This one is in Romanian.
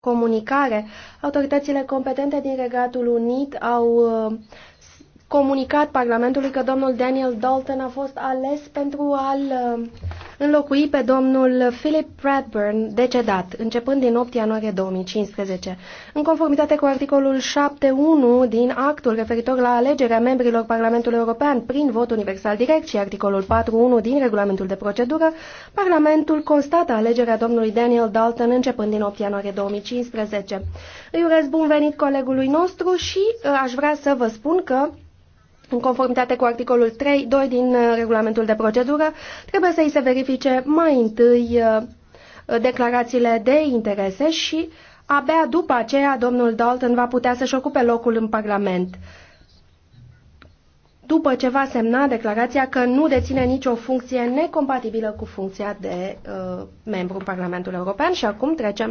comunicare. Autoritățile competente din Regatul Unit au uh, comunicat Parlamentului că domnul Daniel Dalton a fost ales pentru a-l uh, înlocui pe domnul Philip Bradburn, decedat, începând din 8 ianuarie 2015. În conformitate cu articolul 7.1 din actul referitor la alegerea membrilor Parlamentului European prin vot universal direct și articolul 4.1 din regulamentul de procedură, Parlamentul constată alegerea domnului Daniel Dalton începând din 8 ianuarie 2015. Îi urez bun venit colegului nostru și uh, aș vrea să vă spun că în conformitate cu articolul 3.2 din uh, regulamentul de procedură, trebuie să îi se verifice mai întâi uh, declarațiile de interese și abia după aceea domnul Dalton va putea să-și ocupe locul în Parlament după ce va semna declarația că nu deține nicio funcție necompatibilă cu funcția de uh, membru în Parlamentul European și acum trecem